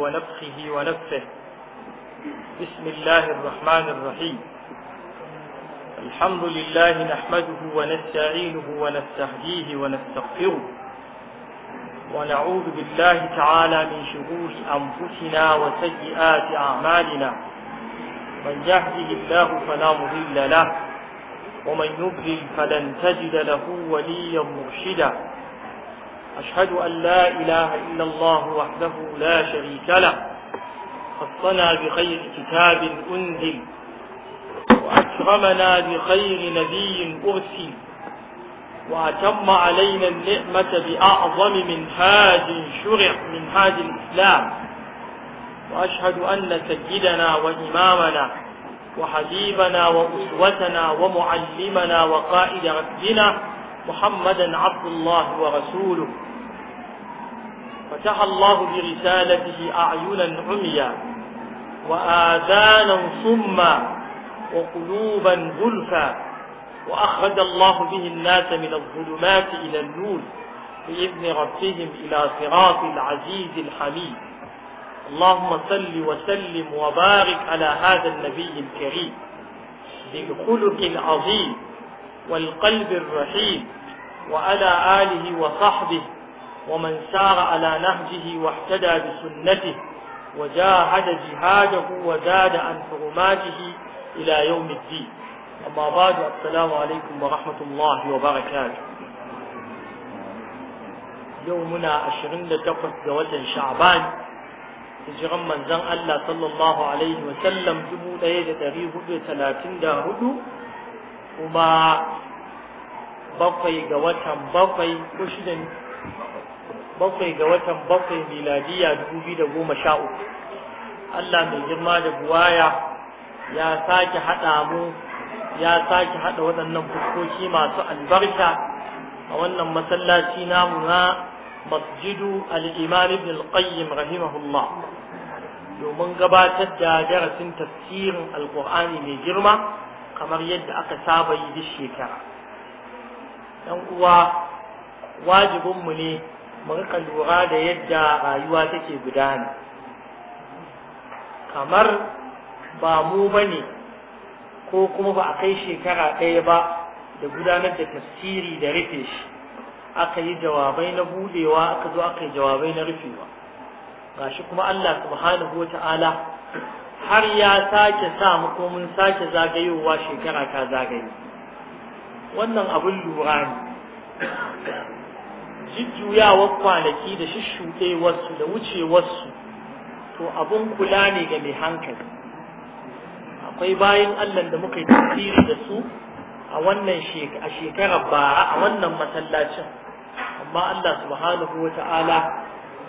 ونفخه ونفه بسم الله الرحمن الرحيم الحمد لله نحمده ونستعينه ونستهديه ونستغفره ونعوذ بالله تعالى من شرور أنفسنا وسيئات أعمالنا من يهده الله فلا مضل له ومن يضلل فلن تجد له وليا مرشدا أشهد أن لا إله إلا الله وحده لا شريك له خصنا بخير كتاب أنزل وأكرمنا بخير نبي أرسل وأتم علينا النعمة بأعظم منهاج شرع منهاج الإسلام وأشهد أن سيدنا وإمامنا وحبيبنا وأسوتنا ومعلمنا وقائد ربنا محمدا عبد الله ورسوله فتح الله برسالته أعينا عميا وآذانا صما وقلوبا غلفا وأخرج الله به الناس من الظلمات إلى النور بإذن ربهم إلى صراط العزيز الحميد اللهم صل وسلم وبارك على هذا النبي الكريم ذي الخلق العظيم والقلب الرحيم وعلى آله وصحبه ومن سار على نهجه واحتدى بسنته وجاهد جهاده وزاد عن حرماته إلى يوم الدين أما بعد السلام عليكم ورحمة الله وبركاته يومنا عشرين لتقص دوة شعبان hijiran manzon Allah sallallahu alaihi wa sallam 1434 kuma bakwai ga watan bakwai ko shidan bakwai ga watan bakwai miladiya uku. Allah mai girma da buwaya ya sake haɗa mu ya sake haɗa waɗannan fuskoki masu albarka a wannan masallaci namu na masjidu al-imam ibn rahimahullah domin gabatar da darasin tafsirin alkur'ani mai girma kamar yadda aka saba yi duk shekara ɗan uwa wajibinmu ne mu riƙa lura da yadda rayuwa take gudana kamar ba mu bane ko kuma ba a kai shekara ɗaya ba da gudanar da tafsiri da rufe shi aka yi jawabai na budewa aka zo aka yi jawabai na rufewa gashi kuma Allah subhanahu wa ta'ala har ya sake sa mu ko mun sake zagayowa shekara ta zagaye wannan abin lura ne jujjuyawar kwanaki da shushuɗewarsu da wucewarsu to abun kula ne ga mai hankali akwai bayan allah da muka yi tasiri da su a wannan shekarar bara a wannan masallacin amma allah subhanahu wa ta'ala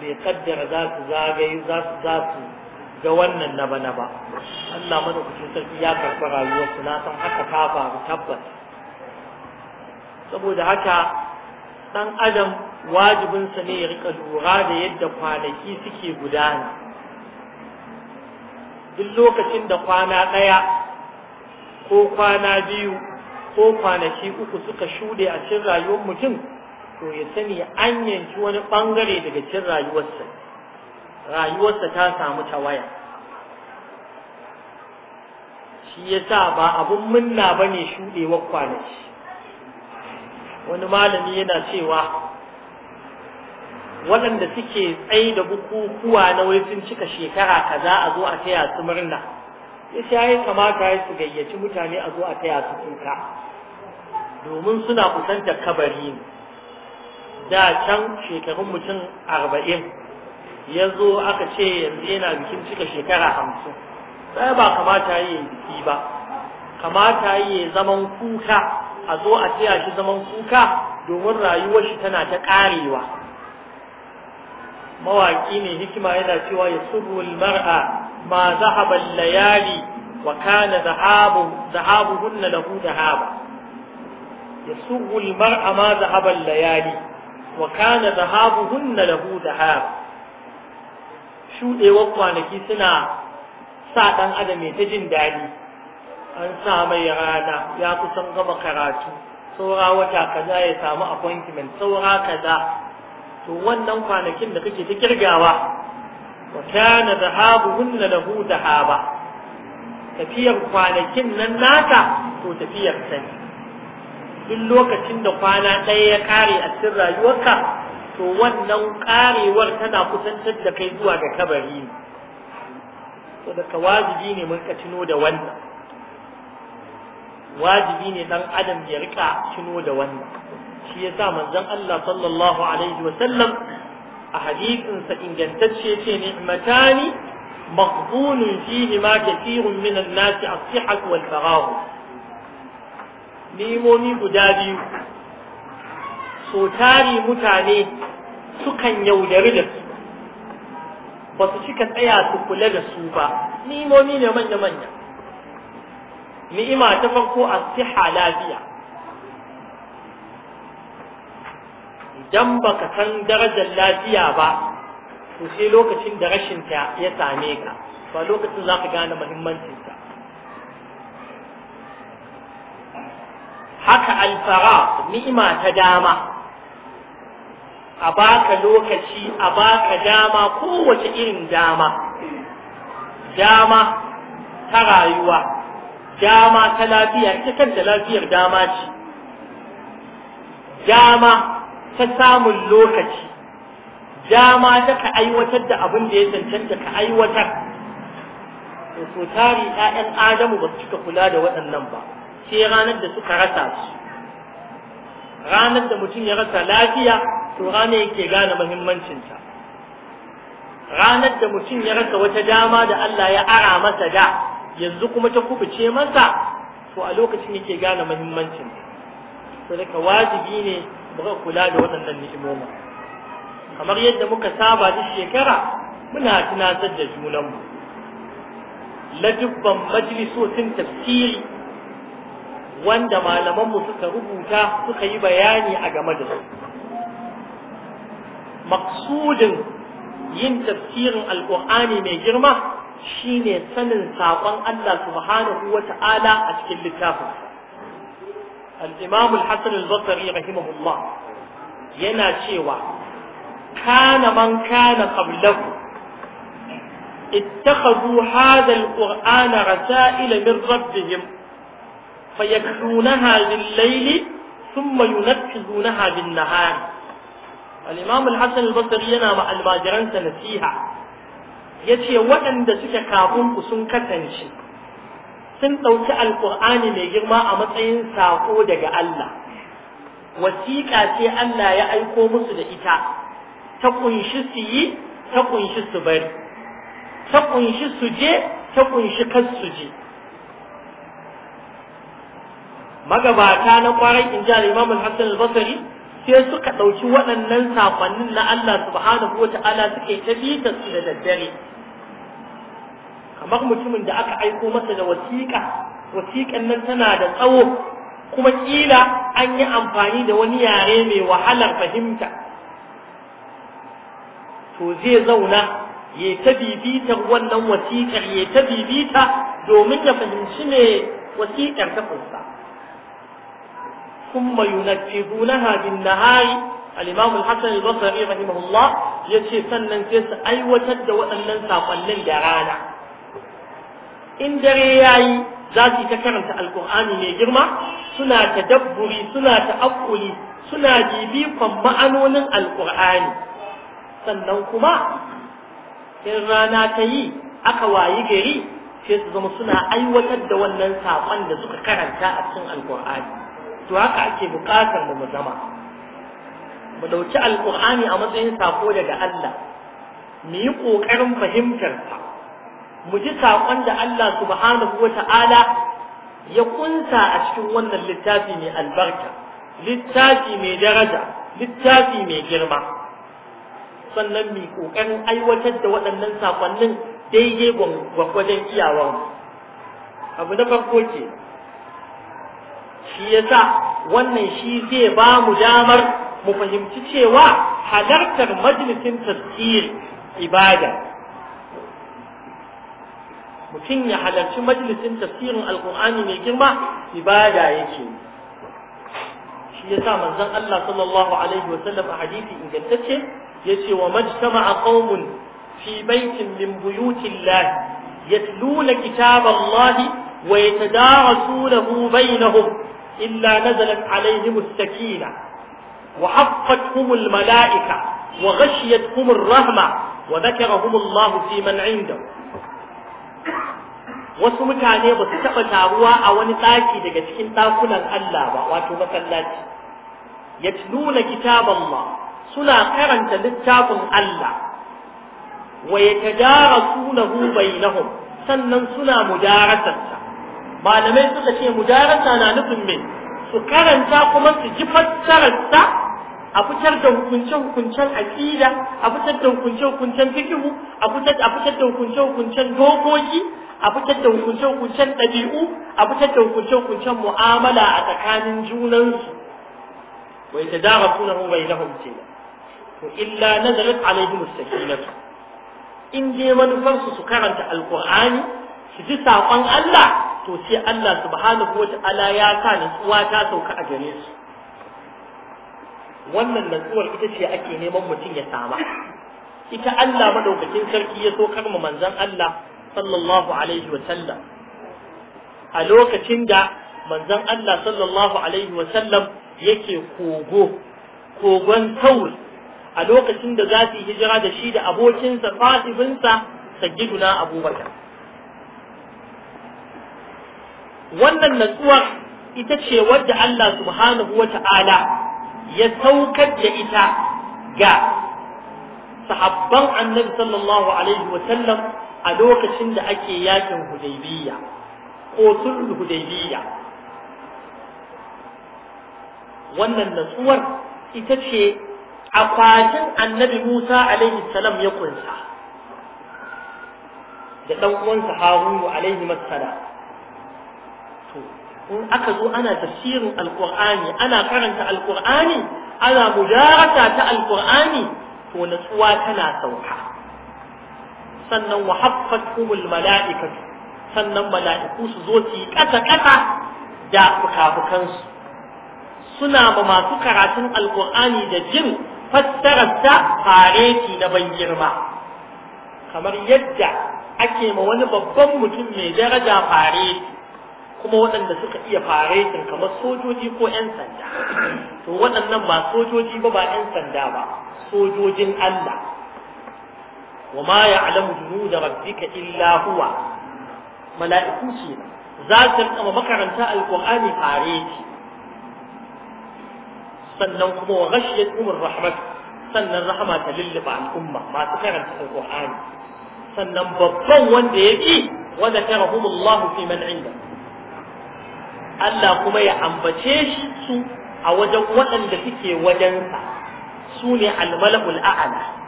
bai kaddara za su zagaye za su za su ga wannan na bana ba allah madaukakin sarki ya karɓi rayuwarsu na san haka ta faru tabbas saboda haka dan adam wajibinsa ne ya rika lura da yadda kwanaki suke gudana duk lokacin da kwana ɗaya ko kwana biyu ko kwanaki uku suka shuɗe a cin rayuwar mutum to ya sani an yanki wani ɓangare daga cikin rayuwarsa rayuwarsa ta samu tawaya shi yasa ba abun munna bane shuɗewar kwanaki wani malami yana cewa waɗanda suke tsaye da bukukuwa na wai sun cika shekara kaza a zo a taya su murna ya ya kamata ya su gayyaci mutane a zo a taya su kuka domin suna kusantar kabari ne da can shekarun mutum arba'in ya zo aka ce yanzu yana bikin cika shekara hamsin sai ba kamata ya yi biki ba kamata ya yi zaman kuka a zo a taya shi zaman kuka domin rayuwar shi tana ta ƙarewa Mawaƙi ne hikima yana cewa ya subul mar'a ma zahaba layali wa kana zahabu zahabuhunna lahu zahaba ya subul mar'a ma zahaba layali wa kana zahabuhunna lahu zahaba shudewar kwanaki suna sa dan adam ta jin daɗi. an sa mai rana ya kusan gama karatu saura wata kaza ya samu appointment saura kaza to wannan kwanakin da kake ta kirgawa wa kana dhahabuhunna lahu dhahaba tafiyar kwanakin nan naka to tafiyar ta ne duk lokacin da kwana ɗaya ya kare a cikin rayuwarka to wannan karewar tana kusantar da kai zuwa ga kabari ne to wajibi ne mun ka tuno da wannan wajibi ne dan adam ya rika tuno da wannan shi ya sa manzon Allah sallallahu alaihi wa sallam a hadisinsa ingantacce ce ni'matani maqbulun fihi ma kathirun min an-nas as-sihhat wal faragh nimomi guda biyu so tari mutane sukan yaudari da su ba su cika tsaya su kula da su ba ni'imomi ne manya-manya ni'ima ta farko a siha lafiya dan baka san darajar lafiya ba to sai lokacin da rashin ta ya same ka ba lokacin zaka gane muhimmancin haka alfara ni'ima ta dama a baka lokaci a baka dama kowace irin dama dama ta rayuwa dama ta lafiya ita kanta lafiyar dama ce dama ta samun lokaci dama ta ka aiwatar da abin da ya cancanta ka aiwatar da su tari ƴaƴan adamu ba su cika kula da waɗannan ba sai ranar da suka rasa su ranar da mutum ya rasa lafiya to ranar yake gane muhimmancinta ranar da mutum ya rasa wata dama da Allah ya ara masa da yanzu kuma ta kubuce masa to a lokacin yake gane muhimmancinta to daga wajibi ne ku ga kula da waɗannan ni'imomin kamar yadda muka saba duk shekara muna tunatar da junanmu ladubban majalisotin tafsiri wanda malamanmu suka rubuta suka yi bayani a game da su maksudin yin tafsirin alƙur'ani mai girma shine sanin saƙon Allah subhanahu wa ta'ala a cikin littafinsa الإمام الحسن البصري رحمه الله ينا شيوا كان من كان قبله اتخذوا هذا القرآن رسائل من ربهم فيكسونها بالليل ثم ينفذونها بالنهار الإمام الحسن البصري ينا مع الماجران سنسيها يتي وأن دسك كابون كسن كتنشي sun ɗauki alƙur'ani mai girma a matsayin saƙo daga Allah wasiƙa ce Allah ya aiko musu da ita ta ƙunshi su yi ta ƙunshi su bari ta ƙunshi su je ta ƙunshi kas su je magabata na kwarai in ji al-Imam al-Hassan al-Basri sai suka ɗauki waɗannan saƙonnin na Allah subhanahu wa ta'ala suke ta su da daddare kamar mutumin da aka aiko masa da wasiƙa wasiƙan nan tana da tsawo kuma kila an yi amfani da wani yare mai wahalar fahimta to zai zauna ya ta bibitar wannan wasiƙar ya ta bibita domin ya fahimci me wasiƙar ta kunsa ثم ينفذونها بالنهار الإمام الحسن ya ce sannan sai su aiwatar da waɗannan saƙonnin da rana. in dare yayi za su ta karanta alkur'ani mai girma suna ta dabburi suna ta akuli suna bibikon ma'anonin alkur'ani sannan kuma in rana ta yi aka wayi gari sai su zama suna aiwatar da wannan saƙon da suka karanta a cikin alkur'ani to haka ake buƙatar mu zama mu ɗauki alkur'ani a matsayin saƙo daga Allah mu yi ƙoƙarin fahimtar sa mu ji saƙon da Allah subhanahu wa ta'ala ya kunsa a cikin wannan littafi mai albarka littafi mai daraja littafi mai girma sannan mu ƙoƙarin aiwatar da waɗannan saƙonnin daidai gwaggwajen iyawar abu na farko ce. shi yasa wannan shi zai ba mu damar mu fahimci cewa halartar majalisin tafsir ibada mutum ya halarci majalisin tafsirin alkur'ani mai girma ibada yake shi yasa manzon Allah sallallahu alaihi wa sallam a hadisi ingantacce ce wa majtama'a qaumun fi baitin min buyutillah yatluna kitaballahi wa yatadarasunahu bainahum illa nazalat alaihim as-sakina wa haqqatuhum al-mala'ika wa ghashiyatuhum ar-rahma wa dhakarahum Allah fi man 'indahu wasu mutane ba su taɓa taruwa a wani ɗaki daga cikin ɗakunan Allah ba wato masallaci ya nuna kitaban ma suna karanta littafin Allah wa ya tajara sunahu bainahum sannan suna mudarasarsa malamai suka ce mudarasa na nufin me su karanta kuma su ji fassararsa a fitar da hukunce-hukuncen aƙida a fitar da hukunce-hukuncen fikihu a fitar da hukunce-hukuncen dokoki a fitar da hukunce-hukuncen ɗabi'u a fitar da hukunce-hukuncen mu'amala a tsakanin junansu wai ta dama suna hun bai lahun ce to illa nazarat alaihi mustaqilat in je manufarsu su karanta alqur'ani su ji saƙon Allah to sai Allah subhanahu wa ya sa nutsuwa ta sauka a gare su wannan nutsuwar ita ce ake neman mutum ya sama ita Allah madaukakin sarki ya so karma manzon Allah sallallahu alaihi wa sallam a lokacin da manzon Allah sallallahu alaihi wa sallam yake kogo kogon tauri a lokacin da za su yi hijira da shi da abokinsa fatibinsa sayyiduna abubakar wannan natsuwar ita ce wadda Allah subhanahu wa ta'ala ya saukar da ita ga sahabban annabi sallallahu alaihi wa sallam a lokacin da ake yakin hudaybiya ko sulhul hudaybiya wannan natsuwar ita ce akwatin annabi Musa alaihi salam ya kunsa da dan uwansa Harunu alaihi masala to in aka zo ana tafsirin alqur'ani ana karanta alqur'ani ana mudarasa ta alqur'ani to natsuwa tana sauka sannan wa haffatumul mala'ikatu sannan mala'iku su zo su yi kasa kasa da fukafukansu suna ba masu karatun alkur'ani da jin fassararsa fareti na ban girma kamar yadda ake ma wani babban mutum mai daraja fareti kuma waɗanda suka iya faretin kamar sojoji ko 'yan sanda to waɗannan ba sojoji ba ba 'yan sanda ba sojojin Allah wa ma ya'lamu junuda rabbika illa huwa mala'iku ce za su kama makaranta alqur'ani fare ki sannan kuma wa ghashiyat umur rahmat sannan rahama ta al'umma masu karanta alqur'ani sannan babban wanda yake wa zakarahumullahu fi man Allah kuma ya ambace su a wajen waɗanda suke wajensa su ne almalakul a'ala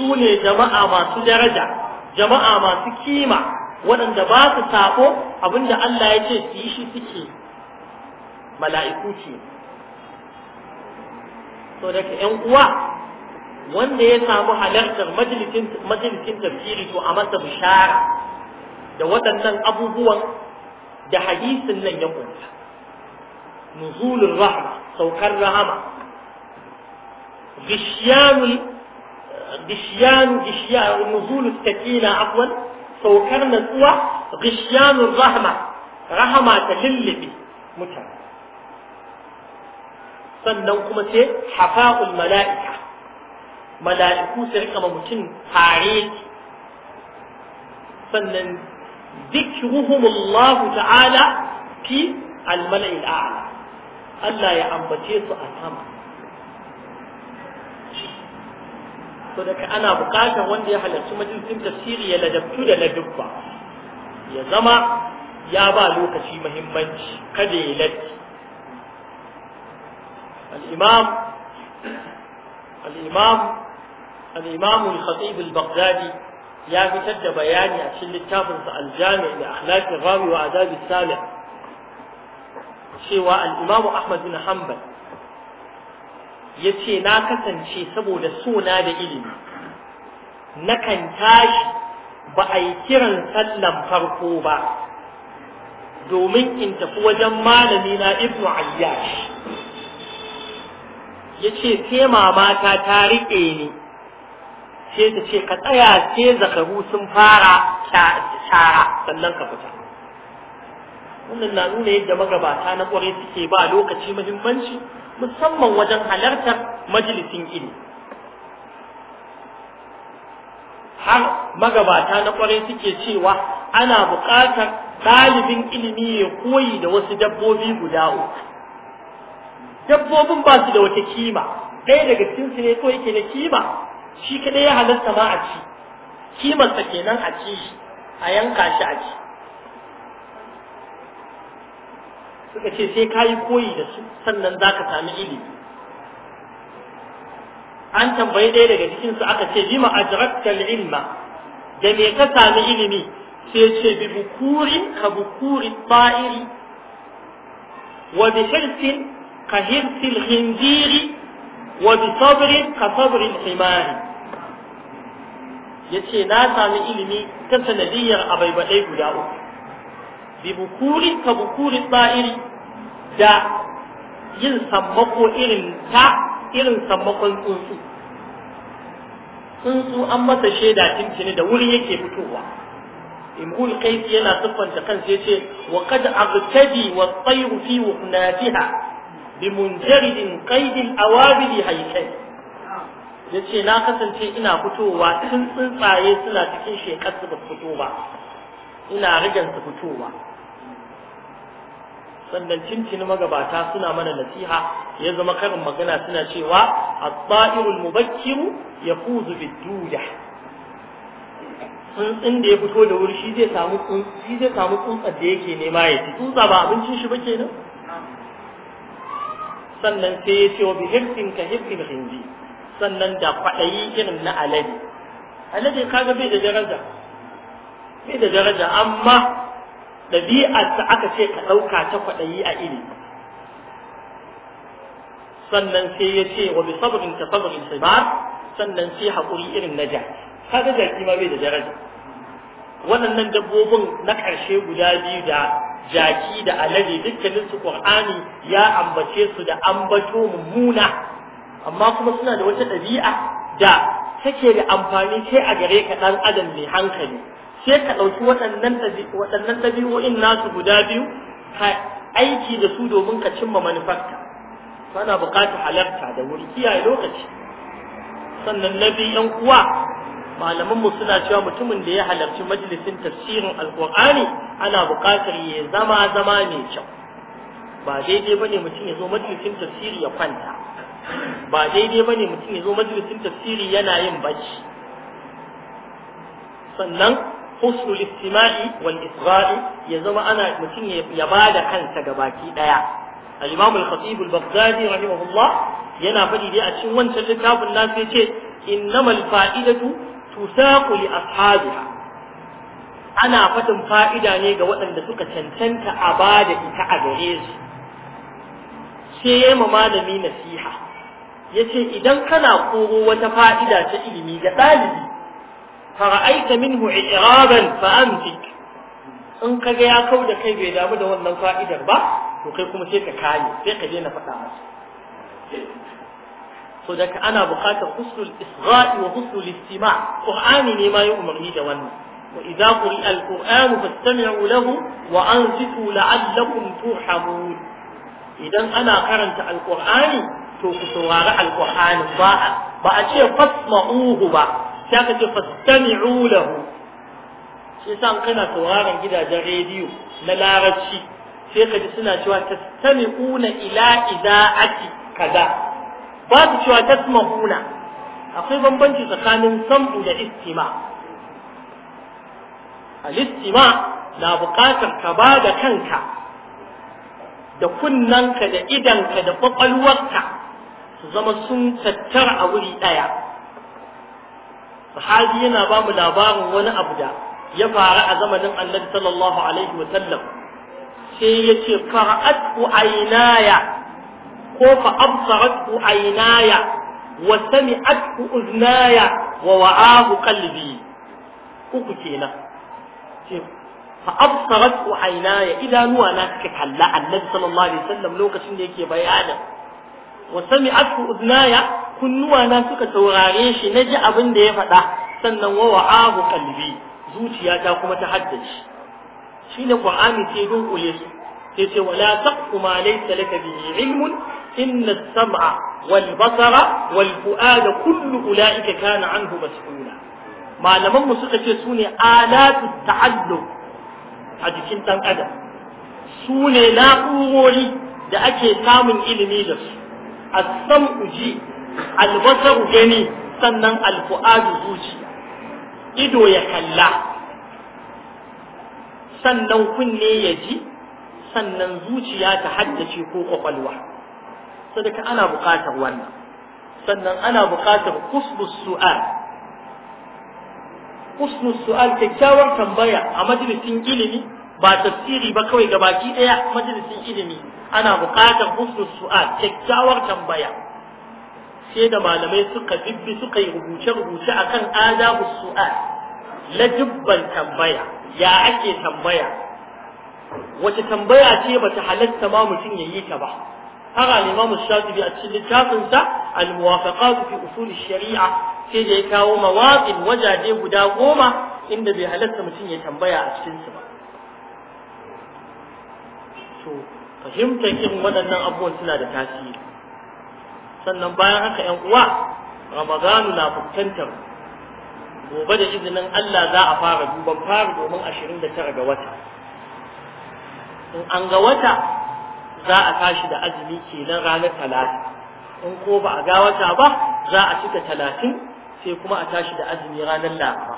su ne jama'a masu daraja jama'a masu kima waɗanda ba su sako abinda Allah ya ce su yi shi suke mala'iku ce so daga ‘yan uwa wanda ya samu halartar majalisin tafsiri to a masa bishara da waɗannan abubuwan da hadisin nan ya kunta nuzulun rahama saukar rahama غشيان غشيان غشيان نزول السكينة عفوا سوكر نسوة غشيان الرحمة رحمة تللبي متى sannan kuma sai hafa'ul mala'ika mala'iku su rika mutum tare sannan zikruhumullahu ta'ala fi al-mala'il Allah ya ambace su a so daga ana bukatar wanda ya halarci majalisin tafsiri ya ladabtu da ladabba ya zama ya ba lokaci muhimmanci kada ya latti al-imam al-imam al-imam al-khatib al-baghdadi ya fitar da bayani a cikin littafinsa al-jami' li akhlaqi rawi wa adab salih cewa al-imam ahmad bin hanbal ya ce na kasance saboda suna da ilimi nakan tashi ba a yi kiran sallan farko ba domin in tafi wajen malami na ibnu ayyash ya ce sai mamata ta riƙe ne sai ta ce ka tsaya sai zakaru sun fara shara sannan ka fita wannan na nuna yadda magabata na kwarai suke ba lokaci muhimmanci musamman wajen halartar majalisin iri. har magabata na kwarai suke cewa ana buƙatar ɗalibin ilimi ya koyi da wasu dabbobi guda uku dabbobin ba su da wata kima ɗaya daga cikin ne kawai ke da kima shi kaɗai ya halarta ma a ci kimarsa kenan a ci a yanka shi a ci suka ce sai ka yi koyi da su sannan za ka sami ilimi an tambayi ɗaya daga cikinsu aka ce lima ajrakta ilma da me ka sami ilimi sai ce bi bukurin ka bukurin ba'iri wa bi hirsin ka hirsil hindiri wa bi sabrin ka sabrin himari ya ce na sami ilimi ta sanadiyar abaibaɗai guda uku bi bukurin ka bukurin tsa'iri da yin sammako irin ta irin sammakon tsuntsu tsuntsu an masa shaida tintini da wuri yake fitowa imhul kaifi yana siffanta kansa yace wa qad aghtadi wa tayru fi wuhnatiha bi munjaridin qaidil awabili haykai yace na kasance ina fitowa tun tsuntsaye suna cikin shekar su fito ba ina rigan su fitowa sannan cincin magabata suna mana nasiha ya zama karin magana suna cewa at-ta'irul mubakkiru yafuzu bid-duya sun inda ya fito da wuri shi zai samu shi zai samu tsuntsar da yake nema ya ci tsuntsa ba abincin shi ba kenan sannan sai ya ce wa bi hirsin ka hirsin hindi sannan da kwaɗayi irin na alade alade kaga bai da daraja bai da daraja amma ɗabi'arsa aka ce ka ɗauka ta kwaɗayi a iri. sannan sai ya ce wa bi sabrin ka sabrin ba? sannan sai haƙuri irin na Ka ga jaki ma bai da daraja waɗannan dabbobin na ƙarshe guda biyu da jaki da alade dukkanin su qur'ani ya ambace su da ambato mummuna amma kuma suna da wata ɗabi'a da take da amfani sai a gare ka ɗan adam mai hankali sai ka ɗauki waɗannan ɗabi'o'in nasu guda biyu ka aiki da su domin ka cimma manufarka kana buƙatar halarta da wuri kiyaye lokaci sannan na biyu yan uwa malamanmu suna cewa mutumin da ya halarci majalisin tafsirin alƙur'ani ana buƙatar ya zama zama mai kyau ba daidai ba ne mutum ya zo majalisin tafsiri ya kwanta ba daidai ba ne mutum ya zo majalisin tafsiri yana yin bacci sannan husnul istima'i wal isra'i ya zama ana mutum ya da kansa ga baki ɗaya. imam al-khatib al yana faɗi dai a cikin wancan littafin na sai ce innamal fa'idatu tusaqu li ashabiha ana faɗin fa'ida ne ga waɗanda suka cancanta a bada ita a gare su sai yayi malami nasiha yace idan kana koro wata fa'ida ta ilimi ga ɗalibi فرأيت منه إعرابا فأمسك إن كجا يا كودا كي بيدا بدا وانا فائدة با وكيكم سيكا كاي سيكا جينا فتا صدق أنا بقاتا حسن الإصغاء وحسن الاستماع قرآني ما يؤمرني دوانا وإذا قرئ القرآن فاستمعوا له وأنصتوا لعلكم ترحمون إذا أنا قرأت القرآن to ku saurari alƙur'ani ba a ce fasma'uhu ba ta aka ce fastami'u lahu shi yasa kana sauraron gidajen rediyo na larabci sai ka ji suna cewa tastami'una ila ida'ati kaza ba su cewa tasma'una akwai bambanci tsakanin sambu da istima al-istima na buƙatar ka ba da kanka da kunnanka da idanka da ƙwaƙwalwarka su zama sun tattara a wuri ɗaya sahabi yana ba mu labarin wani abu da ya faru a zamanin annabi sallallahu alaihi wa sallam sai ya ce fara'atu aynaya ko fa absaratu aynaya wa sami'atu uznaya wa wa'ahu qalbi uku kenan ce fa absaratu aynaya idanuwa na suka kalla annabi sallallahu alaihi wa sallam lokacin da yake bayanin wa sami'atu uznaya kunnuwa na suka saurare shi na ji abin da ya faɗa sannan wa wa'ahu zuciya zuciyata kuma ta haddace shine qur'ani sai don kule su sai ce wala taqfu ma laysa laka bihi ilmun inna as-sam'a wal basara wal fu'ada kullu ulaika kana anhu mas'ula malaman mu suka ce sune alatu ta'alluq a jikin dan adam sune na'urori da ake samun ilimi da su as-sam'u ji albasaru gani sannan alfu'adu zuciya ido ya kalla sannan kunne ya ji sannan zuciya ta haddace ko kwakwalwa sadaka ana buƙatar wannan sannan ana buƙatar kusbus su'al kusbus su'al kyakkyawar tambaya a majalisin ilimi ba tafsiri ba kawai gabaki ɗaya majalisin ilimi ana buƙatar kusbus su'al kyakkyawar tambaya sai da malamai suka bibbi suka yi rubuce-rubuce akan adabu su'al lajibban tambaya ya ake tambaya wace tambaya ce bata halatta ma mutum ya yi ta ba haka al-Imam Shafi'i a cikin littafinsa, sa al-Muwafaqat fi usul sharia sai da ya kawo mawaqin wajaje guda goma inda bai halatta mutum ya tambaya a cikin su ba to fahimtar irin waɗannan abubuwan suna da tasiri sannan bayan haka ‘yan uwa ramadanu na fuskantar gobe da izinin Allah za a fara duban fara domin ashirin da tara ga wata in an ga wata za a tashi da azumi kenan ranar talatin in ko ba a ga wata ba za a cika talatin sai kuma a tashi da azumi ranar laraba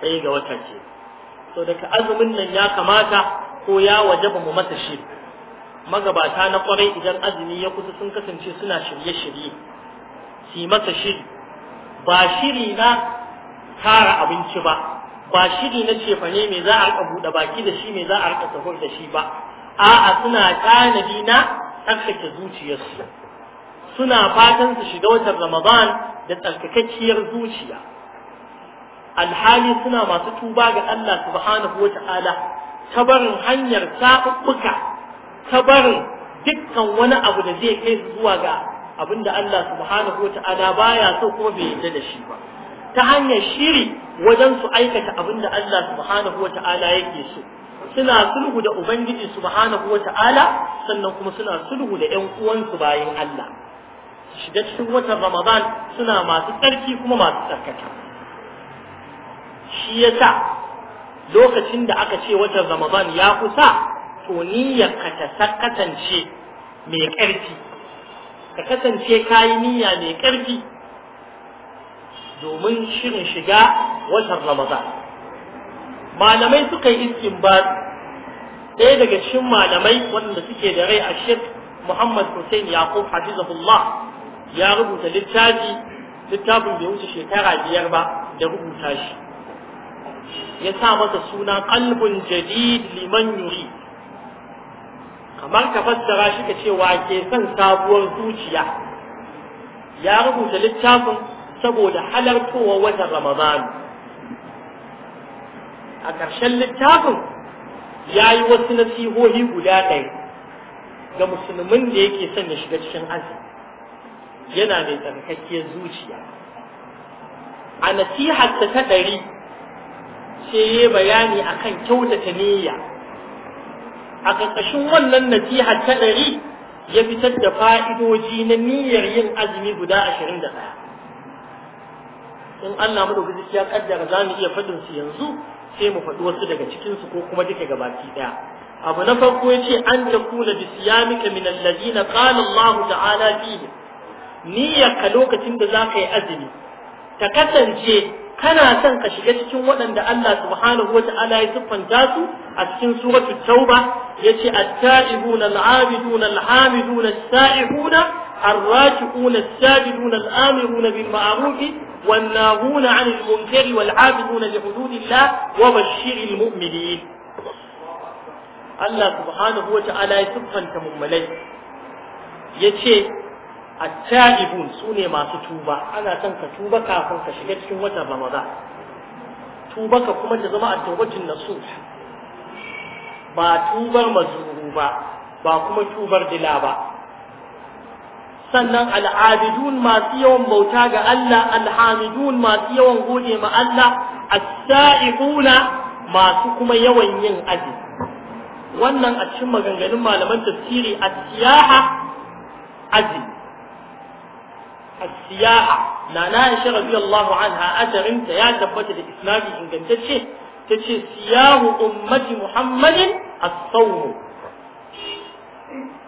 ɗaya ga wata ce so daga azumin nan ya kamata ko ya wajaba mu mata shi magabata na kwarai idan azumi ya kusa sun kasance suna shirye-shirye su masa shiri ba shiri na tara abinci ba ba shiri na cefane mai za a rika buɗe baki da shi mai za a rika sahur da shi ba a'a suna tanadi na tsarkake zuciyarsu suna fatan su shiga watan ramadan da tsarkakakkiyar zuciya alhali suna masu tuba ga Allah subhanahu wa ta'ala ta barin hanyar saɓuɓɓuka ta barin dukkan wani abu da zai kai zuwa ga abinda Allah subhanahu wata'ala baya so kuma bai yarda da shi ba ta hanyar shiri wajen su aikata abin da Allah subhanahu wata'ala yake so suna sulhu da ubangiji subhanahu wata'ala sannan kuma suna sulhu da ƴan uwansu bayan Allah shiga cikin watan Ramadan suna masu tsarki kuma masu tsarkaka shi yasa lokacin da aka ce watan Ramadan ya kusa to niyyarka ta kasance mai ƙarfi ka kasance kayi niyya mai ƙarfi domin shirin shiga watan ramadan malamai suka yi iskin ba ɗaya daga cikin malamai waɗanda suke da rai a shek muhammad hussein yaqub hafizahullah ya rubuta littafi littafin bai wuce shekara biyar ba da rubuta shi ya sa masa suna ƙalbin jadid liman yuri amma ka fassara shi ka ce wa ke son sabuwar zuciya ya rubuta littafin saboda halartowa watan ramadan a ƙarshen littafin ya yi wasu nasihohi guda ɗaya ga musulmin da yake son ya shiga cikin azumi yana mai tsarkakkiyar zuciya a nasiharsa ta ɗari sai ya bayani akan kyautata niyya a ƙarƙashin wannan nasiha ta ɗari ya fitar da fa'idoji na niyyar yin azumi guda ashirin da ɗaya in Allah mu da ya kaddara za mu iya faɗin su yanzu sai mu faɗi wasu daga cikinsu ko kuma duka gabaki ɗaya abu na farko ya ce an ta kula mika siyamika min alladina qala Allah ta'ala Niyyar ka lokacin da za ka yi azumi ta kasance kana son ka shiga cikin waɗanda Allah subhanahu wa ta'ala ya siffanta su a cikin suratu tauba Ya ce taibuna al-abiduna al-hamiduna as-sa'ihuna ar-raki'una as-sajiduna al-amiruna bil ma'ruf wan-nahuna 'anil munkari wal-'abiduna li hududillah wa bashshiril mu'minin Allah subhanahu ta'ala ya siffanta mu'minai yace at-ta'ibun sune masu tuba ana son ka tuba kafin ka shiga cikin watan Ramadan tuba kuma ta zama a tawbatun nasuh ba tubar mazuru ba ba kuma tubar dila ba sannan al'abidun masu yawan bauta ga Allah alhamidun masu yawan gode ma Allah as masu kuma yawan yin aji wannan a cikin maganganun malaman tafsiri as-siyaha aji السياحة نانا إيشي رضي الله عنها أترمت يا تبت الإسناد إن كنت تشي تشي سياه أمة محمد الصوم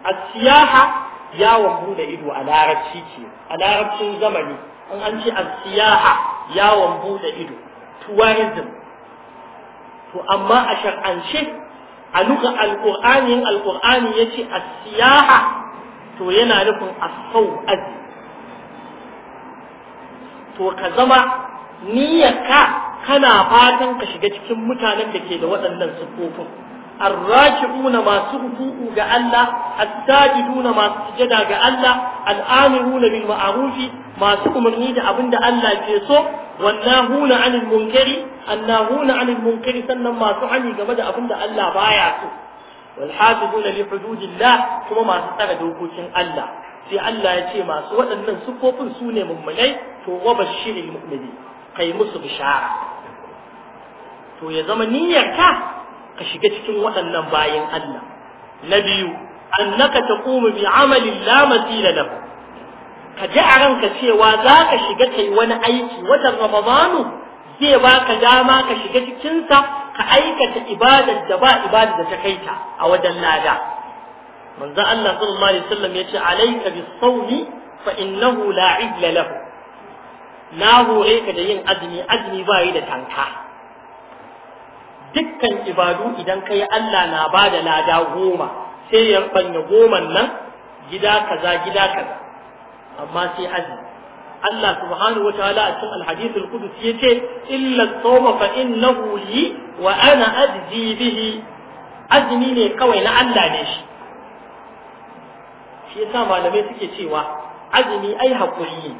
السياحة يا ومبودة إدو على ربشيكي على ربشي زمني أن أنت السياحة يا ومبودة إدو tourism to amma a shar'ance a luka alƙur'ani alƙur'ani ya ce a siyaha to yana nufin a sau azi to ka zama ka, kana fatan ka shiga cikin mutanen da ke da waɗannan siffofin arraki'una masu ruku'u ga Allah as-sajiduna masu sujada ga Allah al-amiruna bil ma'ruf masu umarni da abin da Allah ke so wannahuna 'anil munkari annahuna sannan masu hani game da abin Allah baya so wal hafizuna li hududillah kuma masu tsara dokokin Allah sai Allah ya ce masu waɗannan siffofin su ne mummunai to wa bashiril mu'mini kai musu bishara to ya zama niyyarka ka shiga cikin waɗannan bayan Allah na biyu annaka taqumu bi amalin la mathila lahu ka ji a ranka cewa za ka shiga kai wani aiki watan ramadanu zai baka dama ka shiga cikinsa ka aikata ibadar da ba ibadar da ta kaita a wajen lada manzo Allah sallallahu alaihi wasallam yace alayka bis-sawmi fa innahu la idla lahu na hore ka da yin azumi azumi ba yi da tanka dukkan ibadu idan kai Allah na bada lada goma sai ya banya goma nan gida kaza gida kaza amma sai azumi Allah subhanahu wa ta'ala a cikin al-hadith yace illa as-sawma fa innahu li wa ana ajzi bihi azumi ne kawai na Allah ne shi shi yasa malamai suke cewa azumi ai hakuri ne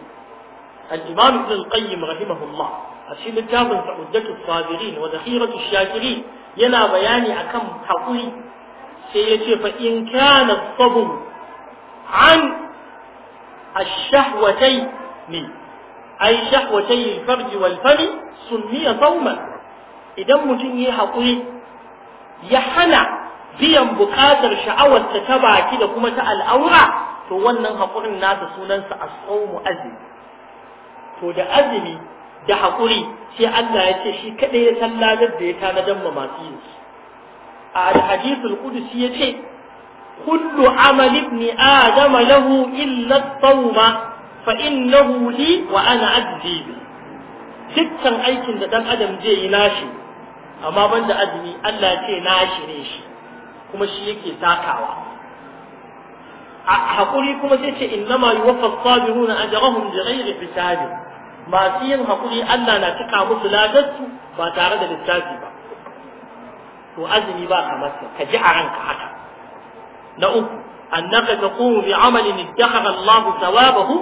al-imam ibn al-qayyim rahimahullah a cikin littafin sa'udatu sabirin wa zakhiratu shakirin yana bayani akan hakuri sai ya ce fa in kana sabr an ash-shahwatayn ai shahwatayn al-farj wal fami sunniya sawman idan mutum yayi hakuri ya hana biyan buƙatar sha'awarta ta baki da kuma ta al'aura to wannan haƙurin nasa sunansa a sawmu azmi to da azumi da haƙuri sai Allah ya ce shi kaɗai ya san ladar da ya tanadan ma masu yin su a al-hadithul ya ce kullu amal ibn adam lahu illa as fa innahu li wa ana ajzi dukkan aikin da dan adam zai yi nashi amma banda azumi Allah ya ce nashi ne shi kuma shi yake sakawa a hakuri kuma sai ce innama yuwaffa as-sabiruna ajrahum bighayri hisab masu yin hakuri Allah na cika musu ladarsu ba tare da lissafi ba to azumi ba kamar ka ji a ranka haka na uku annaka taqumu bi amalin ittakhadha Allah thawabahu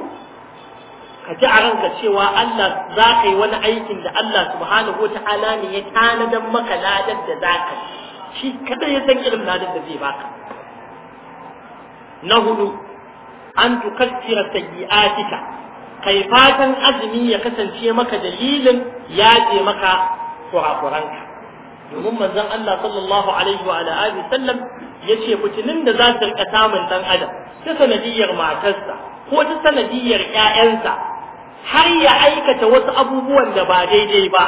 ka ji a ranka cewa Allah za ka yi wani aikin da Allah subhanahu wa ta'ala ne ya tanadar maka ladar da za ka yi shi kada ya san irin ladan da zai baka na hudu an tukassira sayyi'atika kai fatan azumi ya kasance maka dalilin yaje maka kurakuranka domin manzon Allah sallallahu alaihi wa alihi sallam yace fitinin da za su rika samun dan adam ta sanadiyar matarsa ko ta sanadiyar ƴaƴansa har ya aikata wasu abubuwan da ba daidai ba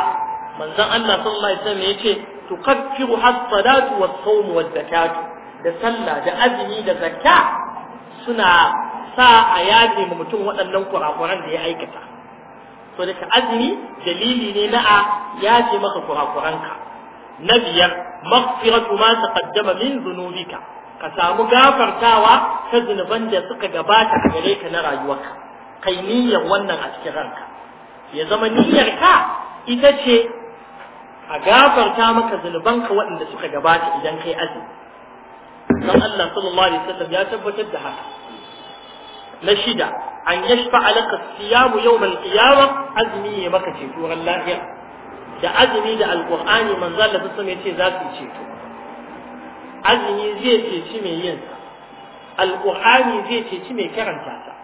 manzon Allah sallallahu alaihi wasallam yace tukaffiru has-salatu was da sallah da azumi da zakka suna sa a yaje ma mutum waɗannan kurakuran da ya aikata to da azumi dalili ne na a yaje maka kurakuranka na biyar maghfiratu ma taqaddama min dhunubika ka samu gafartawa ta zunuban da suka gabata a gare ka na rayuwarka kai niyyar wannan a cikin ranka ya zama niyyar ka ita ce a gafarta maka zunubanka waɗanda suka gabata idan kai azumi dan Allah sallallahu alaihi wasallam ya tabbatar da haka na shida an yashfa alaka siyamu yawmal qiyama azmi ya maka ceto ran lafiya da azumi da alqur'ani manzo Allah sallallahu alaihi wasallam za su ceto azumi zai ceci mai yin sa alqur'ani zai ceci mai karanta sa.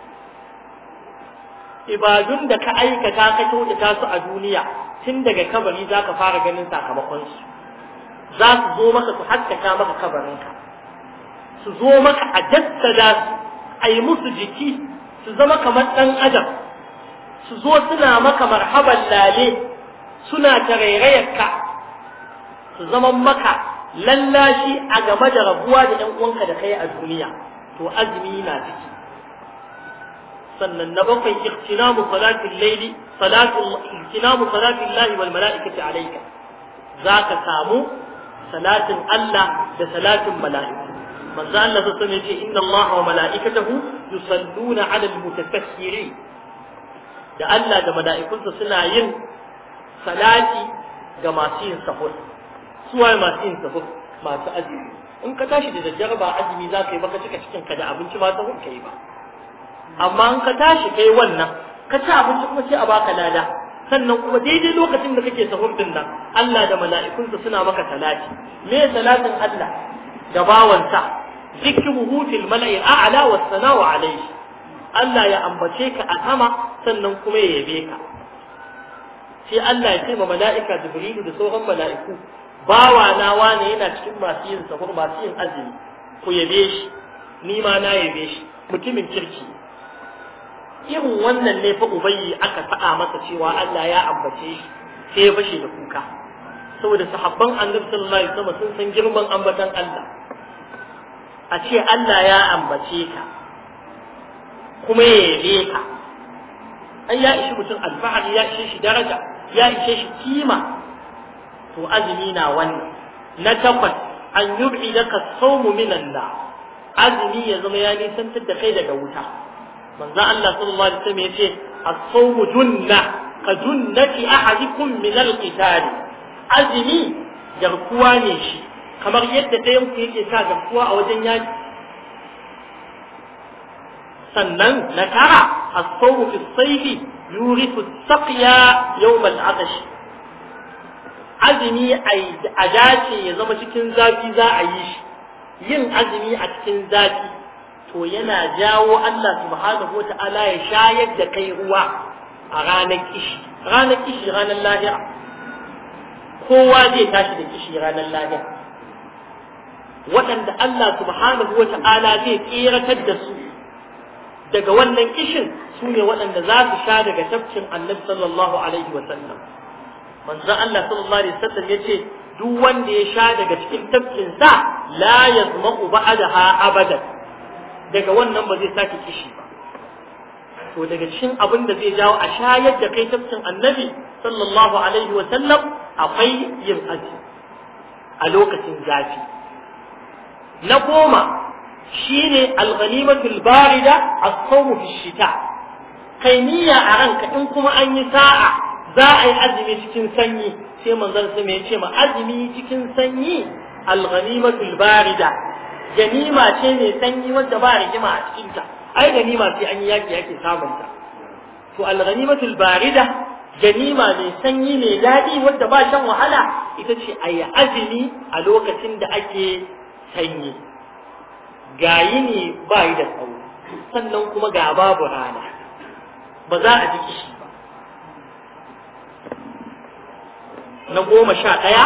ibadun da ka aikata ka kyautata su a duniya tun daga kabari za ka fara ganin sakamakonsu za su zo maka su haskaka maka kabarinka su zo maka a jaddada su a musu jiki su zama kamar ɗan adam su zo suna maka marhaban lale suna tarairayarka su zama maka lallashi a game da rabuwa da ɗan uwanka da kai a duniya to azumi na ciki sannan na bakwai ikhtilamu salatin laili salatul ikhtilamu salatin lahi wal mala'ikati alayka zaka samu salatin Allah da salatin mala'iku manzo Allah sai ya ce inna Allah wa mala'ikatahu yusalluna 'ala al-mutakabbirin da Allah da mala'ikunsa suna yin salati ga masu yin sahur suwaye masu yin sahur masu azumi in ka tashi da daddare azumi za ka yi ba ka cika cikin ka da abinci ba sahur ka yi ba amma in ka tashi kai wannan ka ci abinci kuma sai a baka lada sannan kuma daidai lokacin da kake sahur din nan Allah da mala'ikunsa suna maka salati me salatin Allah da bawansa zikruhu fil mala'i a'la was sana'u alayhi Allah ya ambace ka a sama sannan kuma ya yabe ka sai Allah ya ce ma mala'ika Jibrilu da sauran mala'iku bawa na wane yana cikin masu yin sahur masu yin azumi ku yabe shi ni ma na yabe shi mutumin kirki irin wannan ne fa ubayyi aka sa'a masa cewa Allah ya ambace shi sai ya fashe da kuka saboda sahabban annabi sallallahu alaihi wasallam sun san girman ambatan Allah a ce Allah ya ambace ka kuma ya yabe ka an ya ishi mutum alfahari ya ishe shi daraja ya ishe shi kima to azumi na wannan na takwas an yub'i laka sawmu minan nar azumi ya zama ya nisantar da kai daga wuta manzo Allah sallallahu alaihi wasallam yace as-sawm junna ka junnati ahadikum min al-qital azmi garkuwa ne shi kamar yadda ɗayan ku yake sa garkuwa a wajen yaki sannan na tara as-sawm fi as yurifu as yawm al-atash azumi a dace ya zama cikin zafi za a yi shi yin azumi a cikin zafi to yana jawo Allah subhanahu wata'ala ya shayar da kai ruwa a ranar kishi ranar kishi ranar lahira kowa zai tashi da kishi ranar lahira waɗanda Allah subhanahu wata'ala zai tseratar da su daga wannan kishin su ne waɗanda za su sha daga tafkin annabi sallallahu alaihi wa sallam manzon Allah sallallahu alaihi wasallam yace duk wanda ya sha daga cikin tafkin sa la yazma'u ba'daha abadan daga wannan ba zai sake kishi ba to daga cikin abin da zai jawo a shayar da kai tafkin annabi sallallahu alaihi wa sallam akwai yin aji a lokacin zafi na goma shine al-ghanimatul barida as-sawm fi shita kai niyya a ranka in kuma an yi sa'a za a yi azumi cikin sanyi sai manzon sai ya ce ma azumi cikin sanyi al-ghanimatul barida ganima ce mai sanyi wadda ba rigima a cikin ta ai ganima sai an yi yaki yake sabunta to al-ghanimatul barida ganima mai sanyi mai daɗi wadda ba shan wahala ita ce a yi azumi a lokacin da ake sanyi gayi ne ba yi da tsawo sannan kuma ga babu rana ba za a jiki shi ba na goma sha ɗaya